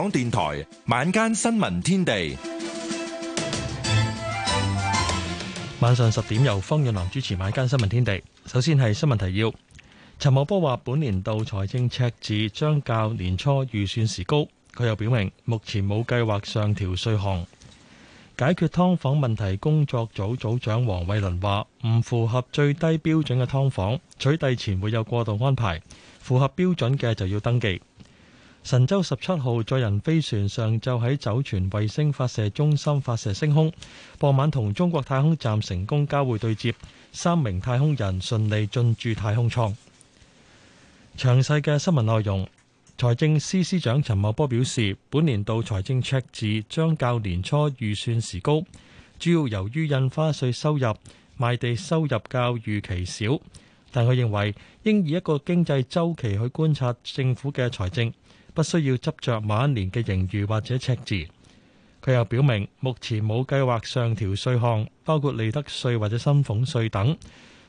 港電台晚間新聞天地，晚上十點由方潤南主持晚間新聞天地。首先係新聞提要：陳茂波話，本年度財政赤字將較年初預算時高。佢又表明，目前冇計劃上調稅項。解決劏房問題工作組組長黃偉綸話，唔符合最低標準嘅劏房取締前會有過渡安排，符合標準嘅就要登記。神舟十七號載人飛船上晝喺酒泉衛星發射中心發射升空，傍晚同中國太空站成功交匯對接，三名太空人順利進駐太空艙。詳細嘅新聞內容。財政司司長陳茂波表示，本年度財政赤字將較年初預算時高，主要由於印花稅收入、賣地收入較預期少，但佢認為應以一個經濟週期去觀察政府嘅財政，不需要執着晚年嘅盈餘或者赤字。佢又表明，目前冇計劃上調稅項，包括利得稅或者薪俸稅等。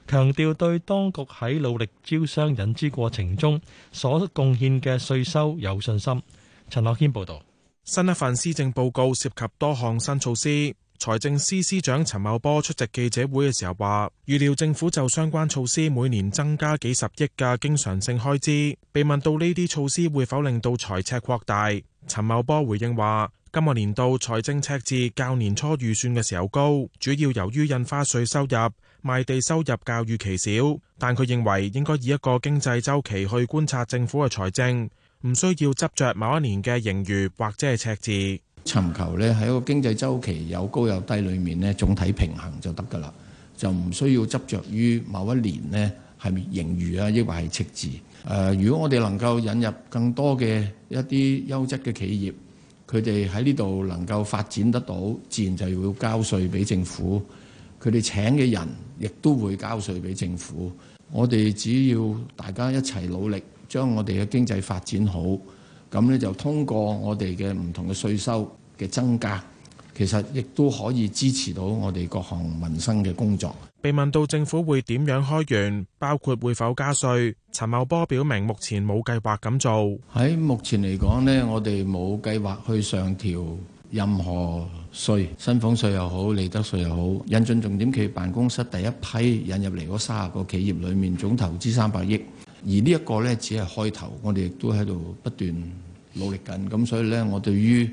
強調對當局喺努力招商引資過程中所貢獻嘅稅收有信心。陳樂軒報導，新一份施政報告涉及多項新措施。財政司司長陳茂波出席記者會嘅時候話，預料政府就相關措施每年增加幾十億嘅經常性開支。被問到呢啲措施會否令到財赤擴大，陳茂波回應話，今個年度財政赤字較年初預算嘅時候高，主要由於印花稅收入、賣地收入較預期少。但佢認為應該以一個經濟週期去觀察政府嘅財政，唔需要執着某一年嘅盈餘或者係赤字。尋求咧，喺一個經濟週期有高有低裡面咧，總體平衡就得㗎啦，就唔需要執着於某一年咧係盈餘啊，抑或係赤字。誒、呃，如果我哋能夠引入更多嘅一啲優質嘅企業，佢哋喺呢度能夠發展得到，自然就要交稅俾政府。佢哋請嘅人亦都會交稅俾政府。我哋只要大家一齊努力，將我哋嘅經濟發展好。咁呢就通過我哋嘅唔同嘅稅收嘅增加，其實亦都可以支持到我哋各項民生嘅工作。被問到政府會點樣開源，包括會否加稅，陳茂波表明目前冇計劃咁做。喺目前嚟講呢，我哋冇計劃去上調任何稅，薪俸稅又好，利得稅又好。引進重點企業辦公室第一批引入嚟三十個企業，裡面總投資三百億，而呢一個呢，只係開頭，我哋亦都喺度不斷努力緊，咁所以咧、呃，我對於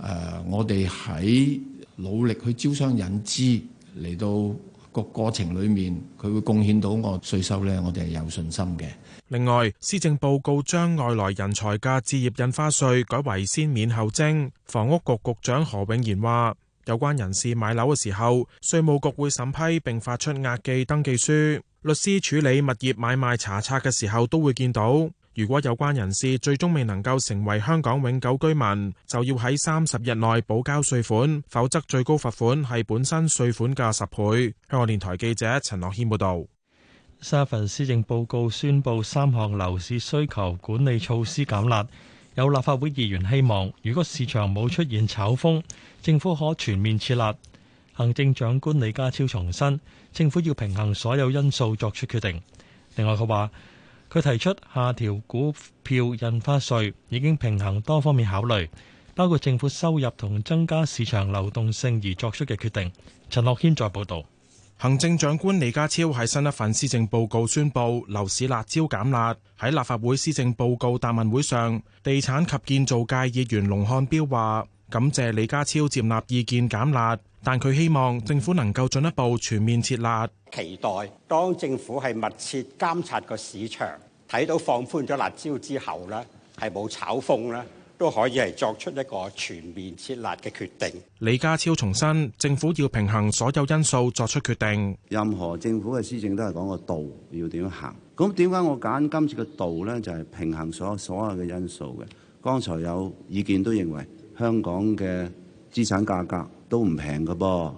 誒我哋喺努力去招商引資嚟到個過程裏面，佢會貢獻到我稅收咧，我哋係有信心嘅。另外，施政報告將外來人才嘅置業印花稅改為先免後徵。房屋局局長何永賢話：有關人士買樓嘅時候，稅務局會審批並發出押記登記書，律師處理物業買賣查冊嘅時候都會見到。如果有關人士最終未能夠成為香港永久居民，就要喺三十日內補交稅款，否則最高罰款係本身稅款嘅十倍。香港電台記者陳樂軒報導。上份施政報告宣布三項樓市需求管理措施減辣。有立法會議員希望如果市場冇出現炒風，政府可全面撤辣。行政長官李家超重申，政府要平衡所有因素作出決定。另外佢話。佢提出下調股票印花稅，已經平衡多方面考慮，包括政府收入同增加市場流動性而作出嘅決定。陳樂軒再報道。行政長官李家超喺新一份施政報告宣布樓市辣招減辣。喺立法會施政報告答問會上，地產及建造界議員龍漢標話。感謝李家超接納意見減辣，但佢希望政府能夠進一步全面撤辣。期待當政府係密切監察個市場，睇到放寬咗辣椒之後呢，係冇炒風呢，都可以係作出一個全面撤辣嘅決定。李家超重申，政府要平衡所有因素作出決定。任何政府嘅施政都係講個道要點樣行。咁點解我揀今次嘅道呢？就係、是、平衡所所有嘅因素嘅。剛才有意見都認為。香港嘅資產價格都唔平㗎噃，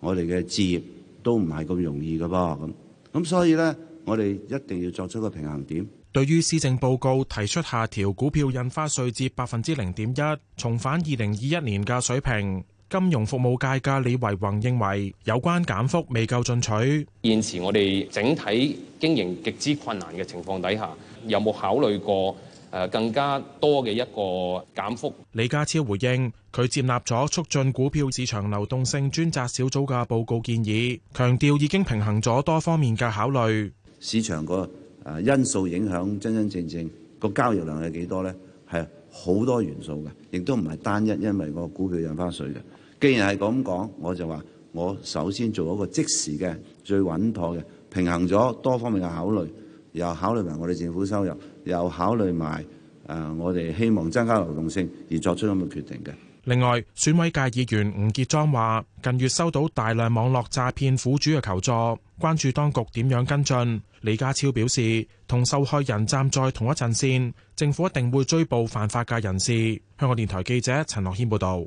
我哋嘅置業都唔係咁容易㗎噃，咁咁所以呢，我哋一定要作出個平衡點。對於施政報告提出下調股票印花稅至百分之零點一，重返二零二一年嘅水平，金融服務界嘅李維宏認為有關減幅未夠進取，現時我哋整體經營極之困難嘅情況底下，有冇考慮過？誒更加多嘅一個減幅。李家超回應，佢接納咗促進股票市場流動性專責小組嘅報告建議，強調已經平衡咗多方面嘅考慮。市場個誒因素影響真真正正個交易量係幾多咧？係好多元素嘅，亦都唔係單一，因為個股票印花稅嘅。既然係咁講，我就話，我首先做一個即時嘅、最穩妥嘅，平衡咗多方面嘅考慮，又考慮埋我哋政府收入。又考慮埋誒，我哋希望增加流動性而作出咁嘅決定嘅。另外，選委界議員吳傑莊話，近月收到大量網絡詐騙苦主嘅求助，關注當局點樣跟進。李家超表示，同受害人站在同一陣線，政府一定會追捕犯法嘅人士。香港電台記者陳樂軒報導。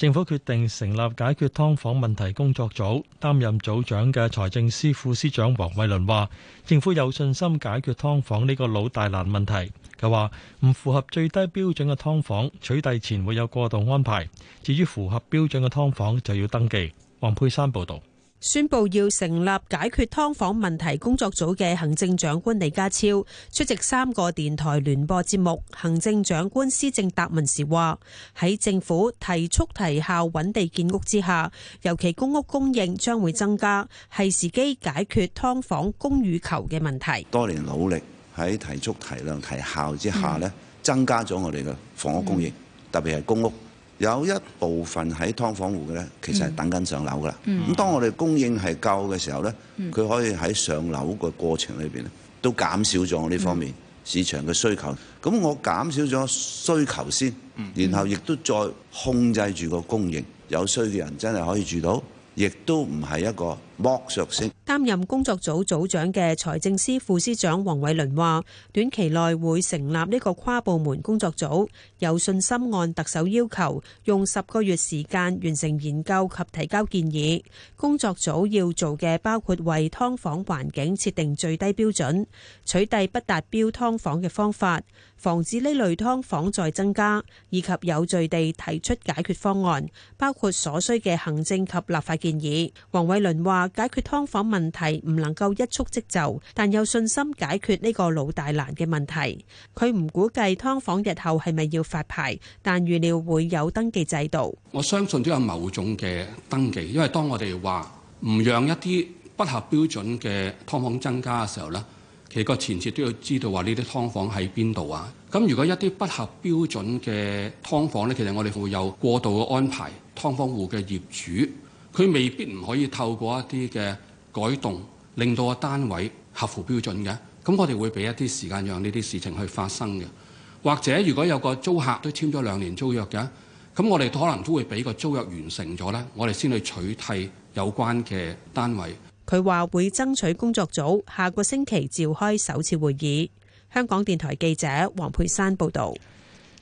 政府決定成立解決劏房問題工作組，擔任組長嘅財政司副司長黃偉綸話：政府有信心解決劏房呢個老大難問題。佢話：唔符合最低標準嘅劏房取締前會有過渡安排，至於符合標準嘅劏房就要登記。黃佩珊報導。宣布要成立解決劏房問題工作組嘅行政長官李家超出席三個電台聯播節目，行政長官施政答問時話：喺政府提速提效揾地建屋之下，尤其公屋供應將會增加，係時機解決劏房供與求嘅問題。多年努力喺提速提量提效之下呢，增加咗我哋嘅房屋供應，特別係公屋。有一部分喺劏房戶嘅咧，其實係等緊上樓噶啦。咁、嗯、當我哋供應係夠嘅時候咧，佢、嗯、可以喺上樓個過程裏邊咧，都減少咗我呢方面市場嘅需求。咁我減少咗需求先，然後亦都再控制住個供應，有需要嘅人真係可以住到，亦都唔係一個。莫擔任工作組組，組長嘅財政司副司長黃偉綸話：短期內會成立呢個跨部門工作組，有信心按特首要求用十個月時間完成研究及提交建議。工作組要做嘅包括為劏房環境設定最低標準，取締不達標劏房嘅方法，防止呢類劏房再增加，以及有序地提出解決方案，包括所需嘅行政及立法建議。黃偉綸話。解決劏房問題唔能夠一蹴即就，但有信心解決呢個老大難嘅問題。佢唔估計劏房日後係咪要發牌，但預料會有登記制度。我相信都有某種嘅登記，因為當我哋話唔讓一啲不合標準嘅劏房增加嘅時候呢，其實個前設都要知道話呢啲劏房喺邊度啊。咁如果一啲不合標準嘅劏房呢，其實我哋會有過渡嘅安排，劏房戶嘅業主。佢未必唔可以透過一啲嘅改動，令到個單位合乎標準嘅。咁我哋會俾一啲時間讓呢啲事情去發生嘅。或者如果有個租客都簽咗兩年租約嘅，咁我哋可能都會俾個租約完成咗呢我哋先去取締有關嘅單位。佢話會爭取工作組下個星期召開首次會議。香港電台記者黃佩珊報導。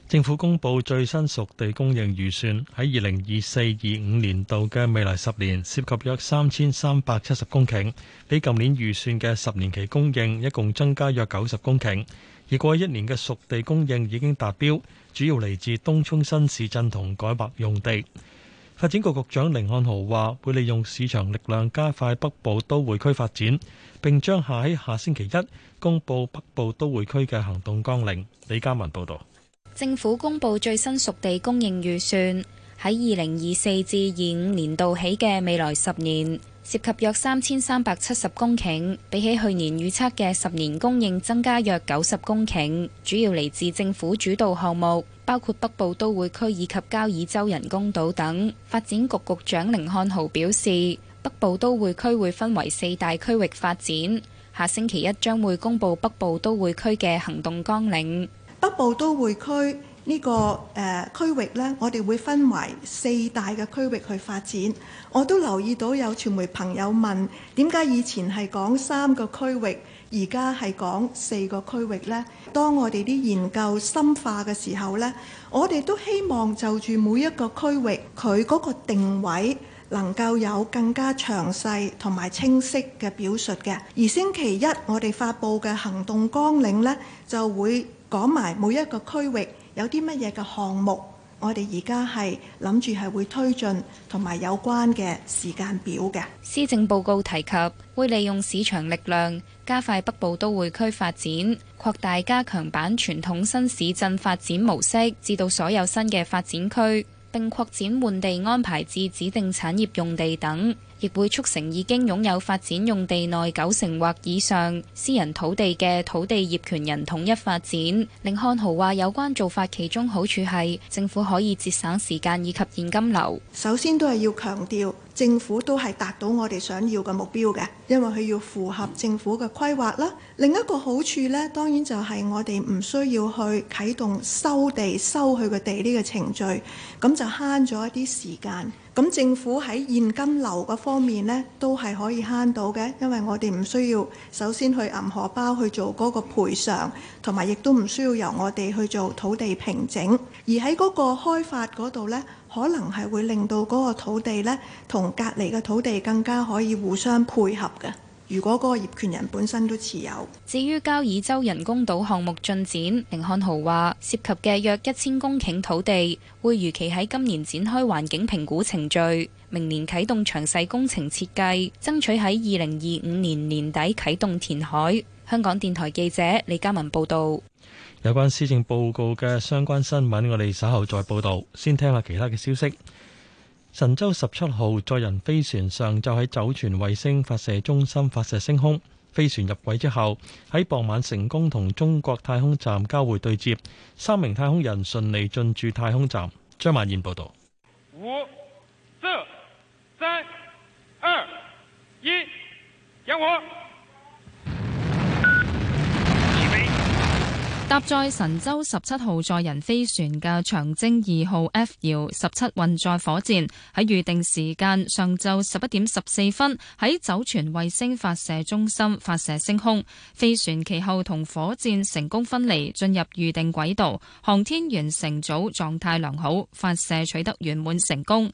政府公布最新熟地供應預算，喺2024-25年度嘅未來10年，涉及約約3370公頃，比舊年預算嘅10年期供應一共增加約90公頃。而過去一年嘅熟地供應已經達標，主要嚟自東涌新市鎮同改劃用地。發展局局長甯漢豪話，會利用市場力量加快北部都會區發展，並將喺下星期一公布北部都會區嘅行動綱領。李嘉文報道。政府公布最新熟地供應預算，喺二零二四至二五年度起嘅未來十年，涉及約三千三百七十公頃，比起去年預測嘅十年供應增加約九十公頃。主要嚟自政府主導項目，包括北部都會區以及交椅洲人工島等。發展局局長寧漢豪表示，北部都會區會分為四大區域發展，下星期一將會公布北部都會區嘅行動綱領。北部都會區呢個誒區域呢，我哋會分為四大嘅區域去發展。我都留意到有傳媒朋友問：點解以前係講三個區域，而家係講四個區域呢？當我哋啲研究深化嘅時候呢，我哋都希望就住每一個區域，佢嗰個定位能夠有更加詳細同埋清晰嘅表述嘅。而星期一我哋發布嘅行動綱領呢，就會講埋每一個區域有啲乜嘢嘅項目，我哋而家係諗住係會推進同埋有關嘅時間表嘅。施政報告提及會利用市場力量加快北部都會區發展，擴大加強版傳統新市鎮發展模式，至到所有新嘅發展區，並擴展換地安排至指定產業用地等。亦會促成已經擁有發展用地內九成或以上私人土地嘅土地業權人統一發展。林漢豪話：有關做法其中好處係，政府可以節省時間以及現金流。首先都係要強調，政府都係達到我哋想要嘅目標嘅，因為佢要符合政府嘅規劃啦。另一個好處呢，當然就係我哋唔需要去啟動收地收佢個地呢個程序，咁就慳咗一啲時間。咁政府喺現金流嗰方面呢，都係可以慳到嘅，因為我哋唔需要首先去銀荷包去做嗰個賠償，同埋亦都唔需要由我哋去做土地平整，而喺嗰個開發嗰度呢，可能係會令到嗰個土地呢，同隔離嘅土地更加可以互相配合嘅。如果嗰個業權人本身都持有，至於交椅洲人工島項目進展，寧漢豪話涉及嘅約一千公頃土地，會如期喺今年展開環境評估程序，明年啟動詳細工程設計，爭取喺二零二五年年底啟動填海。香港電台記者李嘉文報道。有關施政報告嘅相關新聞，我哋稍後再報道，先聽下其他嘅消息。神舟十七號載人飛船上就喺酒泉衛星發射中心發射升空，飛船入軌之後喺傍晚成功同中國太空站交會對接，三名太空人順利進駐太空站。張曼燕報道。五、四、三、二、一，點火。搭載神舟十七號載人飛船嘅長征二號 F 遙十七運載火箭，喺預定時間上晝十一點十四分喺酒泉衛星發射中心發射升空。飛船其後同火箭成功分離，進入預定軌道。航天員乘組狀態良好，發射取得圓滿成功。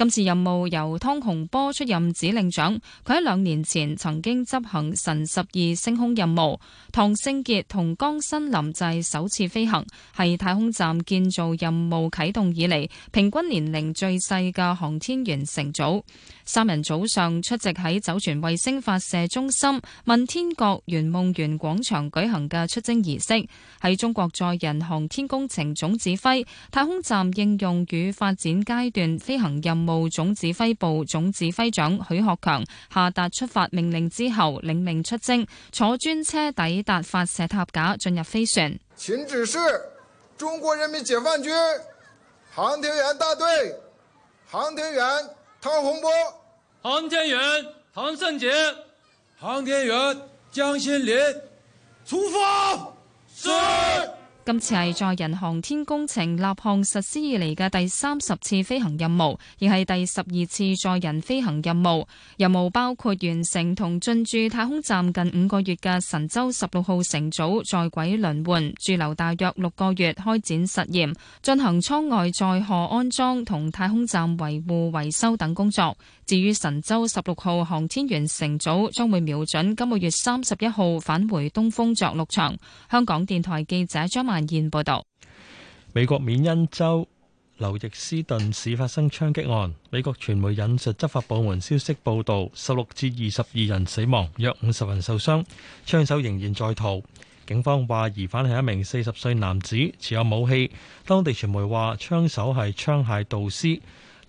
今次任務由湯洪波出任指令長，佢喺兩年前曾經執行神十二升空任務。唐勝傑同江新林制首次飛行，係太空站建造任務啟動以嚟平均年齡最細嘅航天員乘組。三人早上出席喺酒泉衛星發射中心問天閣圓夢園廣場舉行嘅出征儀式，喺中國載人航天工程總指揮、太空站應用與發展階段飛行任務。部總指揮部總指揮長許學強下達出發命令之後，領命出征，坐專車抵達發射塔架，進入飛船。請指示，中國人民解放軍航天員大隊航天員湯洪波、航天員唐勝傑、航天員江新林出發。是。今次係載人航天工程立項實施以嚟嘅第三十次飛行任務，而係第十二次載人飛行任務。任務包括完成同進駐太空站近五個月嘅神舟十六號乘組在軌輪換，駐留大約六個月，開展實驗，進行艙外載荷安裝同太空站維護維修等工作。至於神舟十六號航天員乘組將會瞄準今個月三十一號返回東風着陸場，香港電台記者張曼。陳燕報道：美國緬因州劉易斯頓市發生槍擊案，美國傳媒引述執法部門消息報道，十六至二十二人死亡，約五十人受傷，槍手仍然在逃。警方話疑犯係一名四十歲男子，持有武器。當地傳媒話槍手係槍械導師，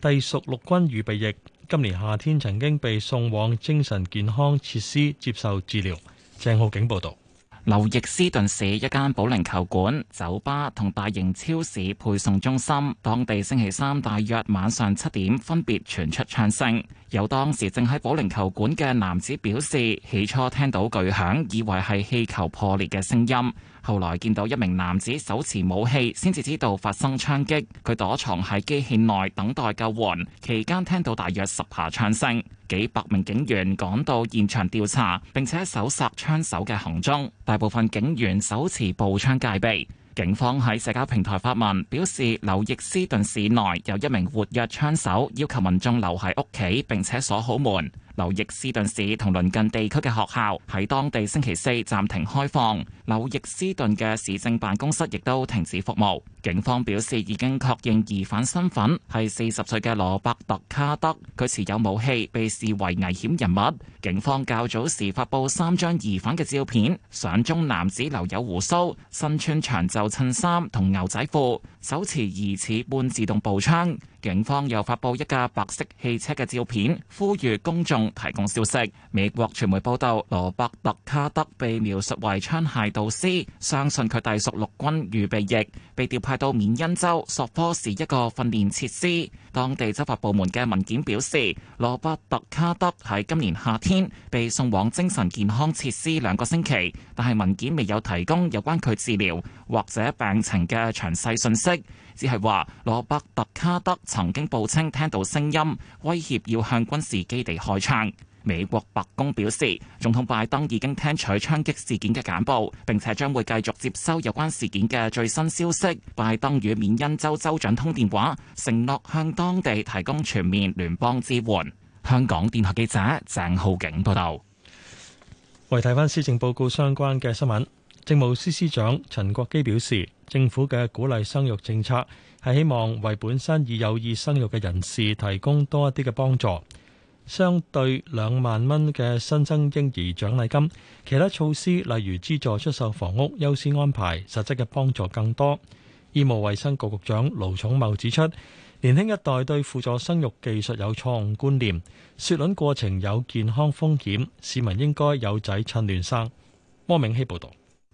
隸屬陸軍預備役，今年夏天曾經被送往精神健康設施接受治療。鄭浩景報道。劉易斯頓市一間保齡球館、酒吧同大型超市配送中心，當地星期三大約晚上七點分別傳出槍聲。有當時正喺保齡球館嘅男子表示，起初聽到巨響，以為係氣球破裂嘅聲音。後來見到一名男子手持武器，先至知道發生槍擊。佢躲藏喺機器內等待救援，期間聽到大約十下槍聲。幾百名警員趕到現場調查，並且搜索槍手嘅行蹤。大部分警員手持步槍戒備。警方喺社交平台發文表示，劉易斯頓市內有一名活躍槍手，要求民眾留喺屋企並且鎖好門。劉易斯頓市同鄰近地區嘅學校喺當地星期四暫停開放，劉易斯頓嘅市政辦公室亦都停止服務。警方表示已經確認疑犯身份係四十歲嘅羅伯特卡德，佢持有武器，被視為危險人物。警方較早時發佈三張疑犯嘅照片，相中男子留有鬍鬚，身穿長袖襯衫同牛仔褲，手持疑似半自動步槍。警方又發佈一架白色汽車嘅照片，呼籲公眾。提供消息，美國傳媒報道羅伯特卡德被描述為槍械導師，相信佢隸屬陸軍預備役，被調派到緬因州索科士一個訓練設施。當地執法部門嘅文件表示，羅伯特卡德喺今年夏天被送往精神健康設施兩個星期，但係文件未有提供有關佢治療或者病情嘅詳細信息。只係話，羅伯特卡德曾經報稱聽到聲音，威脅要向軍事基地開槍。美國白宮表示，總統拜登已經聽取槍擊事件嘅簡報，並且將會繼續接收有關事件嘅最新消息。拜登與緬因州州長通電話，承諾向當地提供全面聯邦支援。香港電台記者鄭浩景報道。我哋睇翻施政報告相關嘅新聞。政務司司長陳國基表示，政府嘅鼓勵生育政策係希望為本身已有意生育嘅人士提供多一啲嘅幫助。相對兩萬蚊嘅新生嬰兒獎勵金，其他措施例如資助出售房屋、優先安排，實質嘅幫助更多。醫務衛生局局長盧寵茂指出，年輕一代對輔助生育技術有錯誤觀念，雪卵過程有健康風險，市民應該有仔趁亂生。汪明希報道。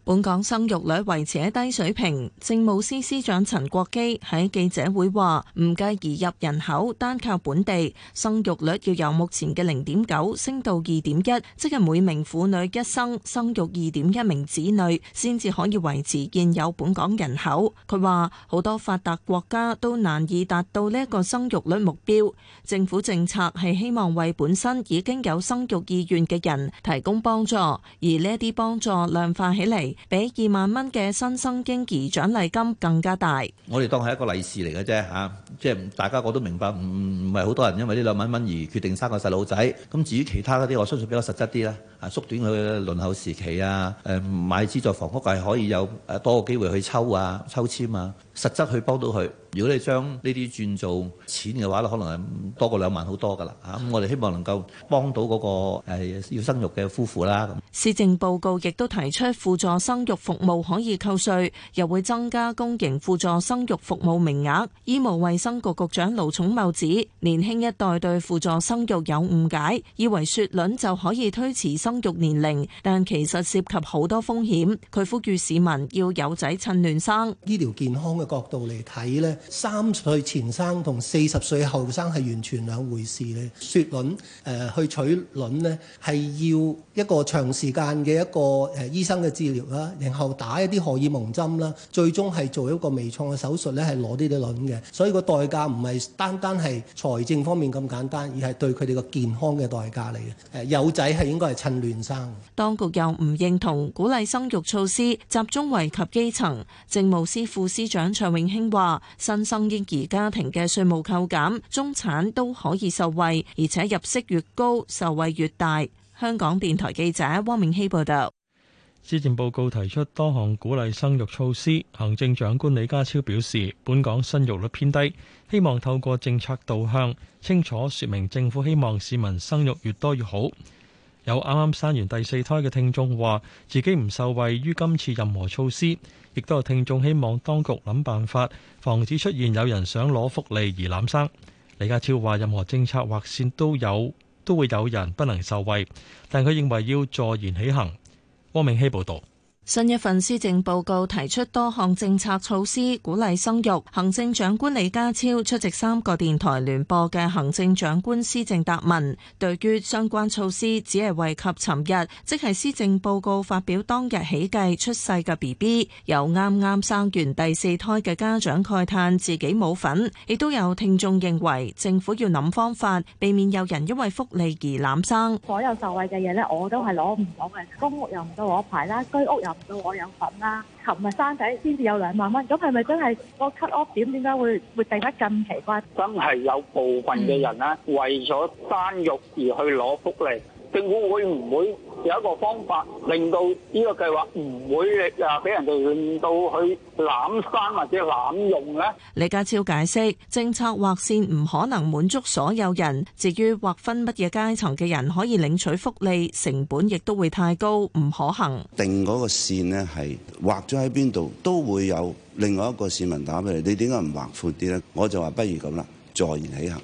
本港生育率維持喺低水平，政務司司長陳國基喺記者會話，唔計移入人口，單靠本地生育率，要由目前嘅零點九升到二點一，即係每名婦女一生生育二點一名子女，先至可以維持現有本港人口。佢話好多發達國家都難以達到呢一個生育率目標，政府政策係希望為本身已經有生育意願嘅人提供幫助，而呢一啲幫助量化起嚟，比二萬蚊嘅新生嬰兒獎勵金更加大。我哋當係一個利是嚟嘅啫嚇，即係大家，我都明白，唔，唔係好多人因為呢兩萬蚊而決定生個細路仔。咁至於其他嗰啲，我相信比較實質啲啦，縮短佢嘅輪候時期啊，誒買資助房屋係可以有誒多個機會去抽啊，抽籤啊。實質去幫到佢。如果你將呢啲轉做錢嘅話，可能係多過兩萬好多㗎啦。啊，咁我哋希望能夠幫到嗰個要生育嘅夫婦啦。咁，施政報告亦都提出，輔助生育服務可以扣稅，又會增加公營輔助生育服務名額。醫務衛生局局長盧寵茂指，年輕一代對輔助生育有誤解，以為雪卵就可以推遲生育年齡，但其實涉及好多風險。佢呼籲市民要有仔趁嫩生。醫療健康角度嚟睇咧，三十歲前生同四十歲後生係完全兩回事咧。雪卵誒去取卵呢，係要一個長時間嘅一個誒醫生嘅治療啦，然後打一啲荷爾蒙針啦，最終係做一個微創嘅手術咧，係攞呢啲卵嘅。所以個代價唔係單單係財政方面咁簡單，而係對佢哋個健康嘅代價嚟嘅。誒幼仔係應該係趁亂生。當局又唔認同鼓勵生育措施集中惠及基層。政務司副司長卓永興話：新生嬰兒家庭嘅稅務扣減，中產都可以受惠，而且入息越高，受惠越大。香港電台記者汪明希報道。施政報告提出多項鼓勵生育措施，行政長官李家超表示，本港生育率偏低，希望透過政策導向，清楚說明政府希望市民生育越多越好。有啱啱生完第四胎嘅聽眾話，自己唔受惠於今次任何措施，亦都有聽眾希望當局諗辦法防止出現有人想攞福利而攬生。李家超話：任何政策劃線都有，都會有人不能受惠，但佢認為要坐言起行。汪明熙報導。新一份施政報告提出多項政策措施，鼓勵生育。行政長官李家超出席三個電台聯播嘅行政長官施政答問，對於相關措施只係惠及尋日，即係施政報告發表當日起計出世嘅 BB。有啱啱生完第四胎嘅家長慨歎自己冇份，亦都有聽眾認為政府要諗方法，避免有人因為福利而攬生。所有受惠嘅嘢咧，我都係攞唔到嘅，公屋又唔到攞牌啦，居屋又～到我有份啦，啊，琴日生仔先至有兩萬蚊，咁係咪真係個 cut off 點，點解會會變得咁奇怪？真係有部分嘅人啦、啊，為咗生肉而去攞福利。政府會唔會有一個方法，令到呢個計劃唔會啊，俾人哋令到去攬生或者濫用咧？李家超解釋，政策劃線唔可能滿足所有人，至於劃分乜嘢階層嘅人可以領取福利，成本亦都會太高，唔可行。定嗰個線咧係劃咗喺邊度，都會有另外一個市民打俾你，你點解唔劃闊啲咧？我就話不如咁啦。再言起行，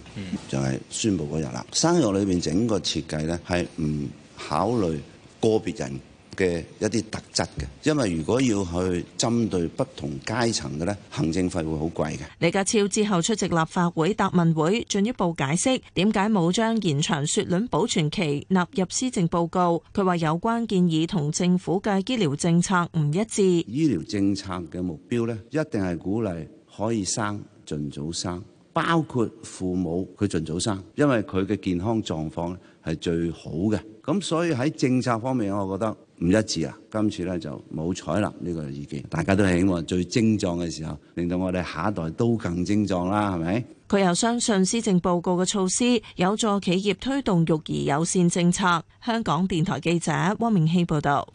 就係、是、宣布嗰日啦。生育裏邊整個設計咧，係唔考慮個別人嘅一啲特質嘅，因為如果要去針對不同階層嘅咧，行政費會好貴嘅。李家超之後出席立法會答問會，進一步解釋點解冇將延長雪卵保存期納入施政報告。佢話有關建議同政府嘅醫療政策唔一致。醫療政策嘅目標咧，一定係鼓勵可以生，盡早生。包括父母佢盡早生，因為佢嘅健康狀況咧係最好嘅。咁所以喺政策方面，我覺得唔一致啊。今次咧就冇採納呢個意見。大家都係希望最精壯嘅時候，令到我哋下一代都更精壯啦，係咪？佢又相信施政報告嘅措施有助企業推動育兒友善政策。香港電台記者汪明熙報道。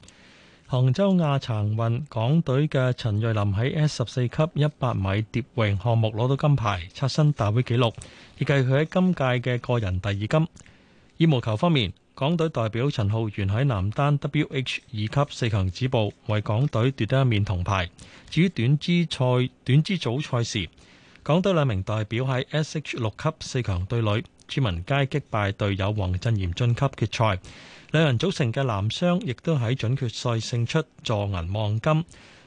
杭州亞殘運港隊嘅陳瑞琳喺 S 十四級一百米蝶泳項目攞到金牌，刷新大會紀錄，亦係佢喺今屆嘅個人第二金。羽毛球方面，港隊代表陳浩源喺男單 WH 二級四強止步，為港隊奪得一面銅牌。至於短肢賽短肢組賽事，港隊兩名代表喺 SH 六級四強對壘。朱文佳擊敗隊友王振賢晉級決賽，兩人組成嘅男雙亦都喺準決賽勝出，助銀望金。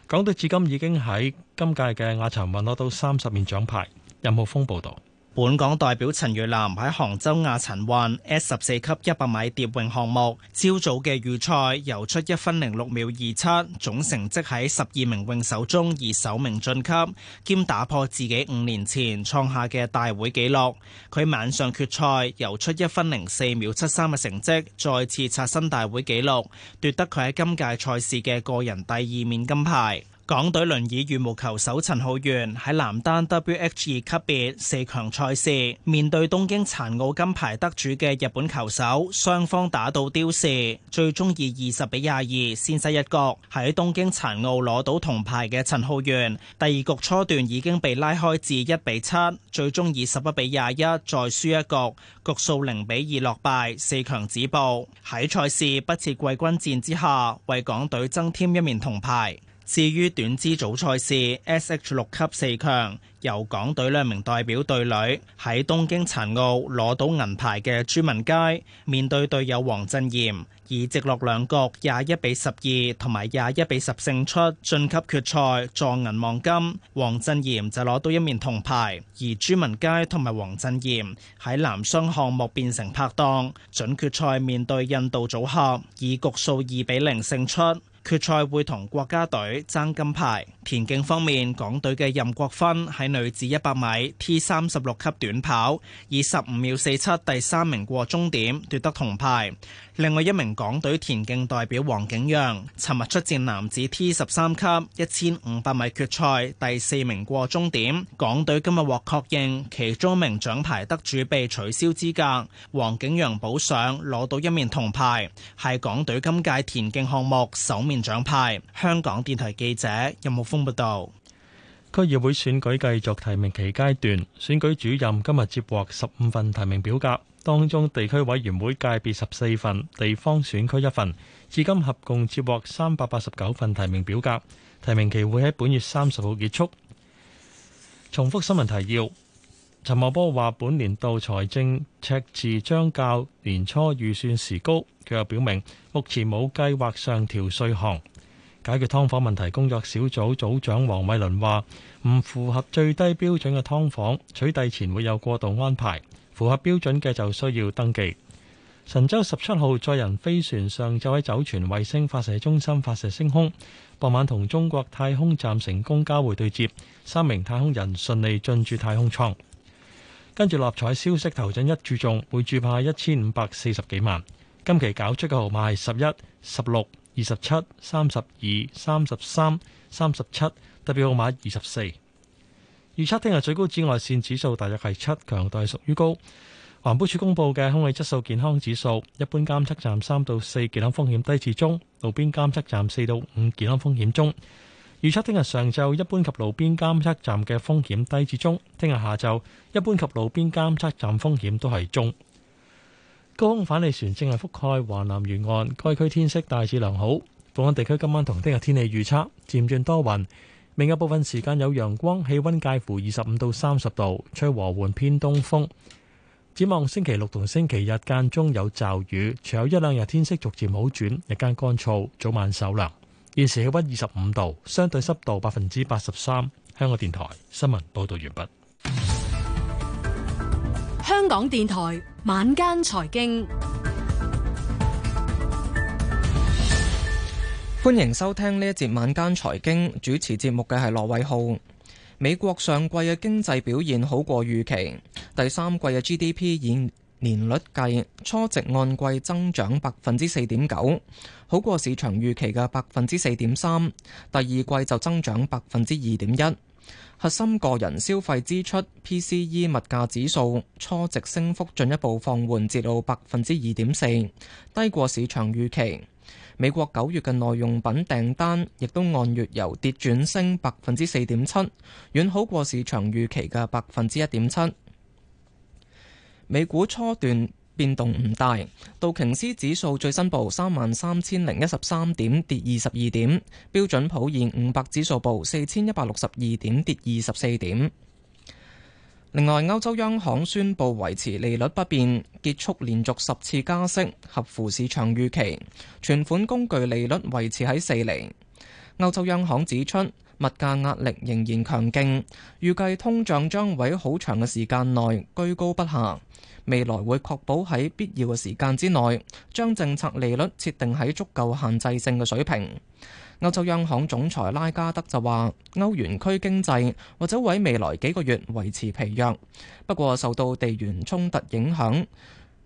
港隊至今已經喺今屆嘅亞殘運攞到三十面獎牌。任浩峰報道。本港代表陳瑞南喺杭州亞殘運 S 十四級一百米蝶泳項目，朝早嘅預賽游出一分零六秒二七，總成績喺十二名泳手中以首名晉級，兼打破自己五年前創下嘅大會紀錄。佢晚上決賽游出一分零四秒七三嘅成績，再次刷新大會紀錄，奪得佢喺今屆賽事嘅個人第二面金牌。港隊輪椅羽毛球手陳浩源喺男單 W H 二級別四強賽事面對東京殘奧金牌得主嘅日本球手，雙方打到刁時，最終以二十比廿二先失一局。喺東京殘奧攞到銅牌嘅陳浩源第二局初段已經被拉開至一比七，最終以十一比廿一再輸一局，局數零比二落敗，四強止步。喺賽事不設季軍戰之下，為港隊增添一面銅牌。至於短肢組賽事，S.H. 六級四強由港隊兩名代表隊女喺東京殘奧攞到銀牌嘅朱文佳面對隊友王振嚴，以直落兩局廿一比十二同埋廿一比十勝出，晉級決賽，撞銀望金。王振嚴就攞到一面銅牌，而朱文佳同埋王振嚴喺男雙項目變成拍檔，準決賽面對印度組合，以局數二比零勝出。決賽會同國家隊爭金牌。田徑方面，港隊嘅任國芬喺女子一百米 T 三十六級短跑，以十五秒四七第三名過終點，奪得銅牌。另外一名港隊田徑代表黃景陽，尋日出戰男子 T 十三級一千五百米決賽，第四名過終點。港隊今日獲確認，其中一名獎牌得主被取消資格。黃景陽補上攞到一面銅牌，係港隊今屆田徑項目首面獎牌，香港電台記者任浩峰報道。區議會選舉繼續提名期階段，選舉主任今日接獲十五份提名表格，當中地區委員會界別十四份，地方選區一份，至今合共接獲三百八十九份提名表格，提名期會喺本月三十號結束。重複新聞提要。陳茂波話：本年度財政赤字將較年初預算時高。佢又表明，目前冇計劃上調稅項。解決劏房問題工作小組組長黃偉倫話：唔符合最低標準嘅劏房取締前會有過渡安排，符合標準嘅就需要登記。神舟十七號載人飛船上就喺酒泉衛星發射中心發射升空，傍晚同中國太空站成功交會對接，三名太空人順利進駐太空艙。跟住六合彩消息，頭陣一注中，每注派一千五百四十幾萬。今期搞出嘅號碼係十一、十六、二十七、三十二、三十三、三十七，特別號碼二十四。預測聽日最高紫外線指數大約係七，強度係屬於高。環保署公佈嘅空氣質素健康指數，一般監測站三到四，健康風險低至中；路邊監測站四到五，健康風險中。預測聽日上晝一般及路邊監測站嘅風險低至中，聽日下晝一般及路邊監測站風險都係中。高空反氣旋正係覆蓋華南沿岸，該區天色大致良好。本港地區今晚同聽日天氣預測漸轉多雲，明日部分時間有陽光，氣温介乎二十五到三十度，吹和緩偏東風。展望星期六同星期日間中有驟雨，除有一兩日天色逐漸好轉，日間乾燥，早晚受涼。現時氣温二十五度，相對濕度百分之八十三。香港電台新聞報道完畢。香港電台晚間財經，歡迎收聽呢一節晚間財經。主持節目嘅係羅偉浩。美國上季嘅經濟表現好過預期，第三季嘅 GDP 已經年率計初值按季增長百分之四點九，好過市場預期嘅百分之四點三。第二季就增長百分之二點一。核心個人消費支出 PCE 物價指數初值升幅進一步放緩，至到百分之二點四，低過市場預期。美國九月嘅耐用品訂單亦都按月由跌轉升百分之四點七，遠好過市場預期嘅百分之一點七。美股初段變動唔大，道瓊斯指數最新報三萬三千零一十三點，跌二十二點，標準普爾五百指數報四千一百六十二點，跌二十四點。另外，歐洲央行宣布維持利率不變，結束連續十次加息，合乎市場預期。存款工具利率維持喺四厘。歐洲央行指出，物價壓力仍然強勁，預計通脹將會喺好長嘅時間內居高不下。未來會確保喺必要嘅時間之內，將政策利率設定喺足夠限制性嘅水平。歐洲央行總裁拉加德就話：歐元區經濟或者會喺未來幾個月維持疲弱，不過受到地緣衝突影響，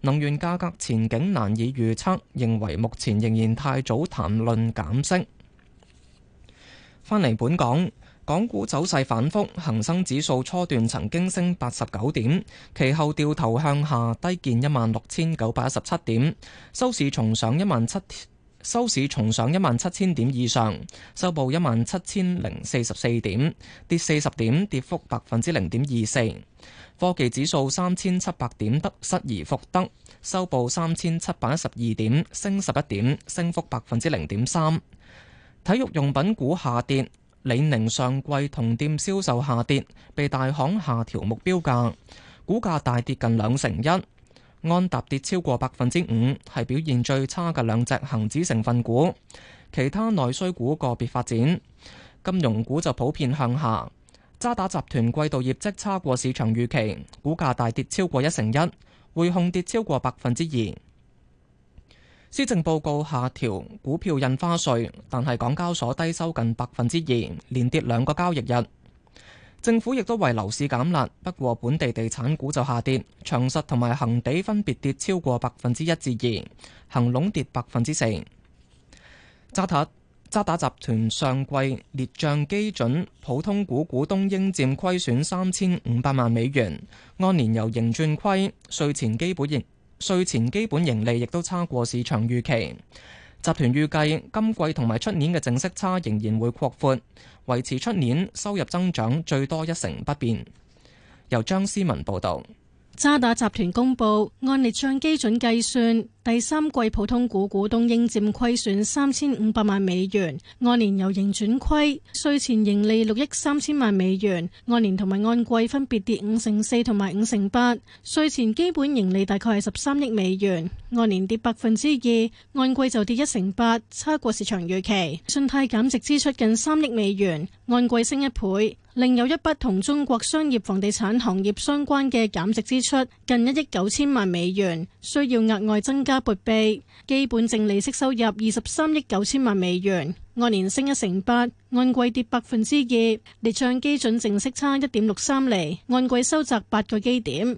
能源價格前景難以預測，認為目前仍然太早談論減息。翻嚟本港。港股走勢反覆，恒生指數初段曾經升八十九點，其後掉頭向下低見一萬六千九百一十七點，收市重上一萬七，收市重上一萬七千點以上，收報一萬七千零四十四點，跌四十點，跌幅百分之零點二四。科技指數三千七百點得失而復得，收報三千七百一十二點，升十一點，升幅百分之零點三。體育用品股下跌。李寧上季同店銷售下跌，被大行下調目標價，股價大跌近兩成一。安踏跌超過百分之五，係表現最差嘅兩隻恒指成分股。其他內需股個別發展，金融股就普遍向下。渣打集團季度業績差過市場預期，股價大跌超過一成一，匯控跌超過百分之二。施政報告下調股票印花稅，但係港交所低收近百分之二，連跌兩個交易日。政府亦都為樓市減辣，不過本地地產股就下跌，長實同埋恒地分別跌超過百分之一至二，恒隆跌百分之四。渣打，渣打集團上季列帳基準普通股股東應佔虧損三千五百萬美元，按年由盈轉虧，稅前基本盈稅前基本盈利亦都差過市場預期，集團預計今季同埋出年嘅淨息差仍然會擴闊，維持出年收入增長最多一成不變。由張思文報道，渣打集團公佈按逆向基準計算。第三季普通股股東應佔虧損三千五百萬美元，按年由盈轉虧，稅前盈利六億三千萬美元，按年同埋按季分別跌五成四同埋五成八，稅前基本盈利大概係十三億美元，按年跌百分之二，按季就跌一成八，差過市場預期。信貸減值支出近三億美元，按季升一倍，另有一筆同中國商業房地產行業相關嘅減值支出近一億九千萬美元，需要額外增加。撥備，基本淨利息收入二十三億九千萬美元，按年升一成八，按季跌百分之二，列賬基準淨息差一點六三釐，按季收窄八個基點。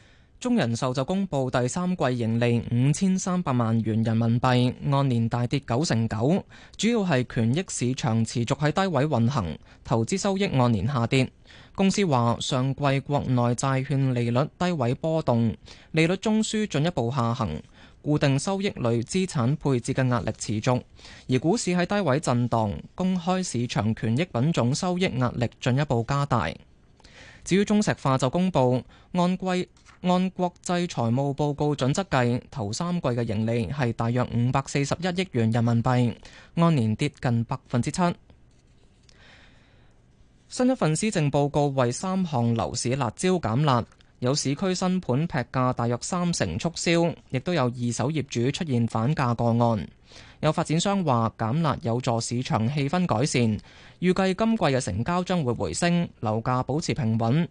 中人壽就公布第三季盈利五千三百萬元人民幣，按年大跌九成九，主要係權益市場持續喺低位運行，投資收益按年下跌。公司話上季國內債券利率低位波動，利率中樞進一步下行，固定收益類資產配置嘅壓力持續；而股市喺低位震盪，公開市場權益品種收益壓力進一步加大。至於中石化就公布按季。按國際財務報告準則計，頭三季嘅盈利係大約五百四十一億元人民幣，按年跌近百分之七。新一份施政報告為三項樓市辣椒減辣，有市區新盤劈價大約三成促銷，亦都有二手業主出現反價個案。有發展商話減辣有助市場氣氛改善，預計今季嘅成交將會回升，樓價保持平穩，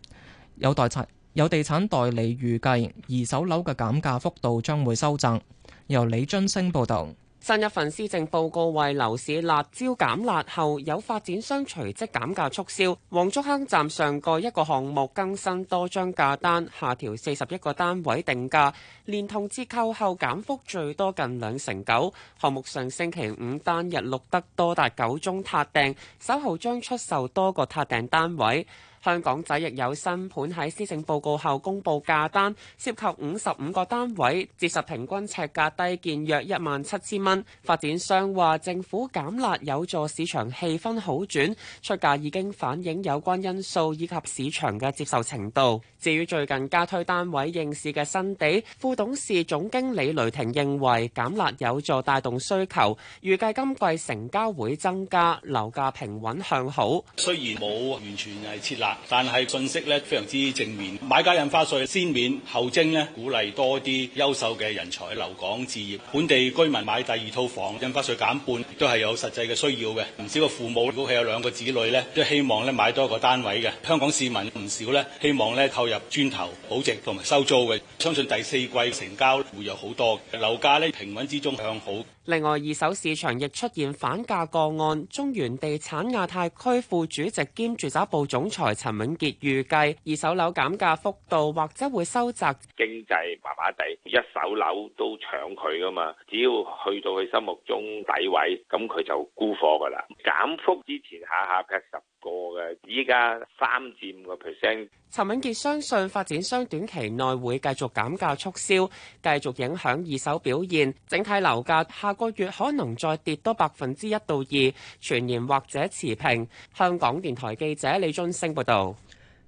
有待拆。有地產代理預計二手樓嘅減價幅度將會收窄。由李津升報導，新一份施政報告為樓市辣招減辣後，有發展商隨即減價促銷。黃竹坑站上蓋一個項目更新多張價單，下調四十一個單位定價，連同折扣後減幅最多近兩成九。項目上星期五單日錄得多達九宗撻訂，稍後將出售多個撻訂單位。香港仔亦有新盤喺施政報告後公布，價單涉及五十五個單位，接受平均尺價低建約一萬七千蚊。發展商話政府減辣有助市場氣氛，好轉，出價已經反映有關因素以及市場嘅接受程度。至於最近加推單位應市嘅新地副董事總經理雷霆認為減辣有助帶動需求，預計今季成交會增加，樓價平穩向好。雖然冇完全係設立。但係信息咧非常之正面，買家印花稅先免後徵，鼓勵多啲優秀嘅人才留港置業。本地居民買第二套房，印花稅減半，都係有實際嘅需要嘅。唔少嘅父母，如果係有兩個子女咧，都希望咧買多一個單位。香港市民唔少咧，希望咧購入磚頭保值同埋收租嘅。相信第四季成交會有好多。樓價咧，平穩之中向好。另外，二手市場亦出現反價個案。中原地產亞太區副主席兼住宅部總裁陳敏傑預計，二手樓減價幅度或者會收窄。經濟麻麻地，一手樓都搶佢噶嘛，只要去到佢心目中底位，咁佢就沽貨噶啦。減幅之前下下劈十個嘅，依家三至五個 percent。陳敏傑相信發展商短期內會繼續減價促銷，繼續影響二手表現，整體樓價下個月可能再跌多百分之一到二，全年或者持平。香港電台記者李津升報道。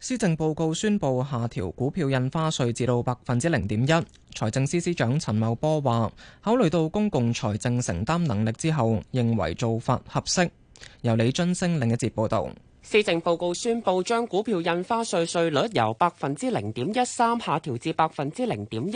施政報告宣布下調股票印花稅至到百分之零點一，財政司司長陳茂波話，考慮到公共財政承擔能力之後，認為做法合適。由李津升另一節報道。施政報告宣布將股票印花稅稅率由百分之零點一三下調至百分之零點一，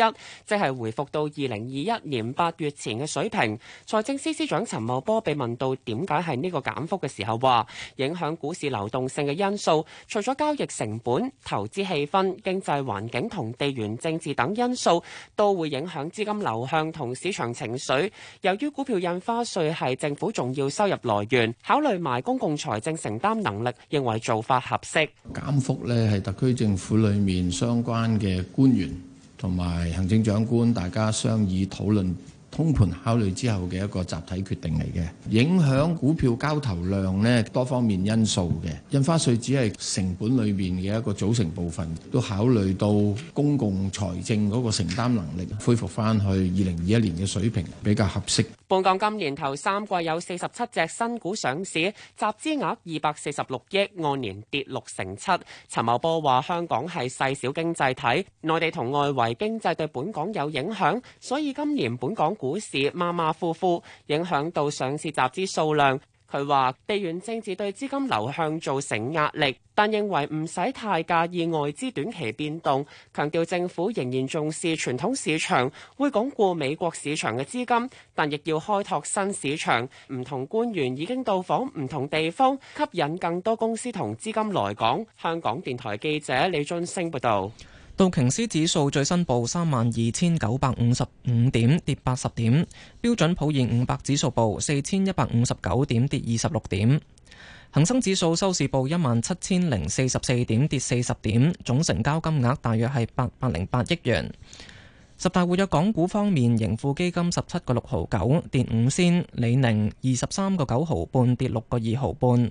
即係回復到二零二一年八月前嘅水平。財政司司長陳茂波被問到點解係呢個減幅嘅時候，話影響股市流動性嘅因素，除咗交易成本、投資氣氛、經濟環境同地緣政治等因素，都會影響資金流向同市場情緒。由於股票印花稅係政府重要收入來源，考慮埋公共財政承擔能力。認為做法合適，減幅呢係特區政府裡面相關嘅官員同埋行政長官大家商議討論通盤考慮之後嘅一個集體決定嚟嘅。影響股票交投量呢，多方面因素嘅。印花稅只係成本裏面嘅一個組成部分，都考慮到公共財政嗰個承擔能力，恢復返去二零二一年嘅水平比較合適。本港今年頭三季有四十七隻新股上市，集資額二百四十六億，按年跌六成七。陳茂波話：香港係細小經濟體，內地同外圍經濟對本港有影響，所以今年本港股市馬馬虎虎，影響到上市集資數量。佢話：地緣政治對資金流向造成壓力，但認為唔使太介意外資短期變動。強調政府仍然重視傳統市場，會鞏固美國市場嘅資金，但亦要開拓新市場。唔同官員已經到訪唔同地方，吸引更多公司同資金來港。香港電台記者李俊升報道。道瓊斯指數最新報三萬二千九百五十五點，跌八十點。標準普爾五百指數報四千一百五十九點，跌二十六點。恒生指數收市報一萬七千零四十四點，跌四十點。總成交金額大約係八百零八億元。十大活躍港股方面，盈富基金十七個六毫九，跌五仙；李寧二十三個九毫半，跌六個二毫半；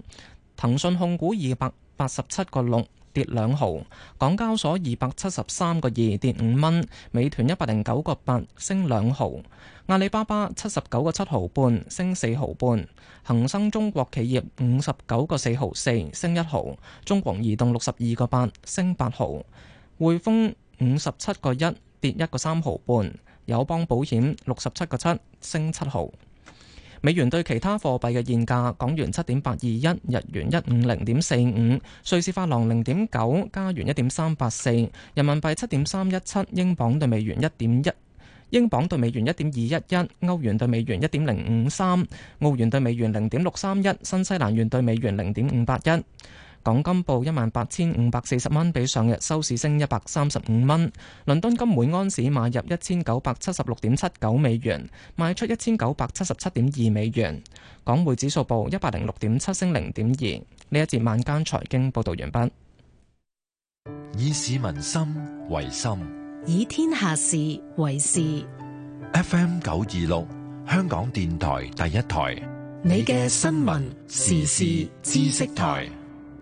騰訊控股二百八十七個六，跌兩毫，港交所二百七十三個二，跌五蚊，美團一百零九個八，升兩毫，阿里巴巴七十九個七毫半，升四毫半，恒生中國企業五十九個四毫四，升一毫，中國移動六十二個八，升八毫，匯豐五十七個一，跌一個三毫半，友邦保險六十七個七，升七毫。美元對其他貨幣嘅現價：港元七點八二一，日元一五零點四五，瑞士法郎零點九，加元一點三八四，人民幣七點三一七，英鎊對美元一點一，英鎊對美元一點二一一，歐元對美元一點零五三，澳元對美元零點六三一，新西蘭元對美元零點五八一。港金報一萬八千五百四十蚊，比上日收市升一百三十五蚊。倫敦金每安士買入一千九百七十六點七九美元，賣出一千九百七十七點二美元。港匯指數報一百零六點七，升零點二。呢一節晚間財經報道完畢。以市民心為心，以天下事為事。F.M. 九二六，香港電台第一台，你嘅新聞時事知識台。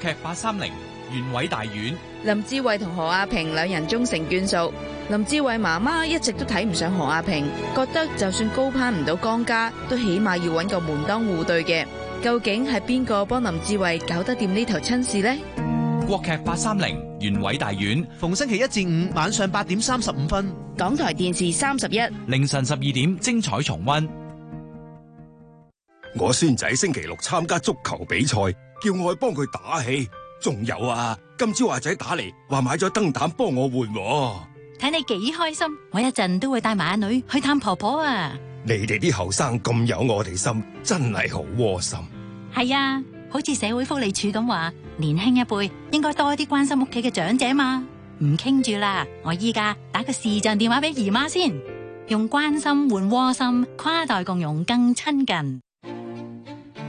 劇八三零原委大院，林志偉同何亞平兩人終成眷屬。林志偉媽媽一直都睇唔上何亞平，覺得就算高攀唔到江家，都起碼要揾個門當戶對嘅。究竟係邊個幫林志偉搞得掂呢頭親事呢？國劇八三零原委大院，逢星期一至五晚上八點三十五分，港台電視三十一，凌晨十二點精彩重溫。我孫仔星期六參加足球比賽。叫我去幫佢打氣，仲有啊！今朝阿仔打嚟話買咗燈膽幫我換，睇你幾開心！我一陣都會帶埋阿女去探婆婆啊！你哋啲後生咁有我哋心，真係好窩心。係啊，好似社會福利署咁話，年輕一輩應該多啲關心屋企嘅長者嘛。唔傾住啦，我依家打個視像電話俾姨媽先，用關心換窩心，跨代共融更親近。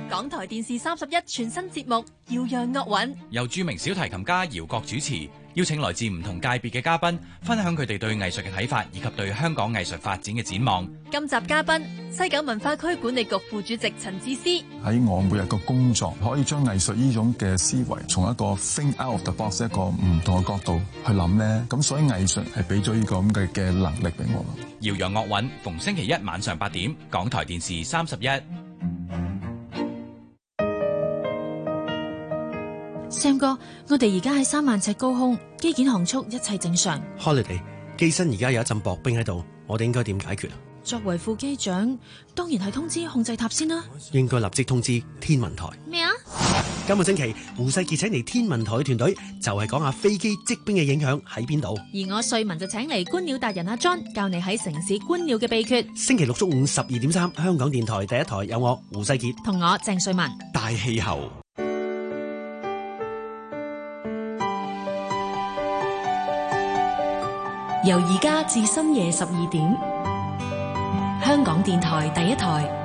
港台電視三十一全新節目《姚揚樂韻》，由著名小提琴家姚國主持，邀請來自唔同界別嘅嘉賓分享佢哋對藝術嘅睇法，以及對香港藝術發展嘅展望。今集嘉賓西九文化區管理局副主席陳智思，喺我每日嘅工作，可以將藝術呢種嘅思維，從一個 think out of the box 一個唔同嘅角度去諗呢。咁所以藝術係俾咗呢個咁嘅嘅能力俾我。姚揚樂韻，逢星期一晚上八點，港台電視三十一。Sam 哥，我哋而家喺三萬尺高空，機件航速一切正常。Holiday，機身而家有一陣薄冰喺度，我哋應該點解決啊？作為副機長，當然係通知控制塔先啦，啊。應該立即通知天文台。咩啊麼？今個星期，胡世杰請嚟天文台團隊，就係、是、講下飛機積冰嘅影響喺邊度。而我瑞文就請嚟觀鳥達人阿、啊、John，教你喺城市觀鳥嘅秘訣。星期六中午十二點三，3, 香港電台第一台有我胡世杰同我鄭瑞文大氣候。由而家至深夜十二點，香港電台第一台。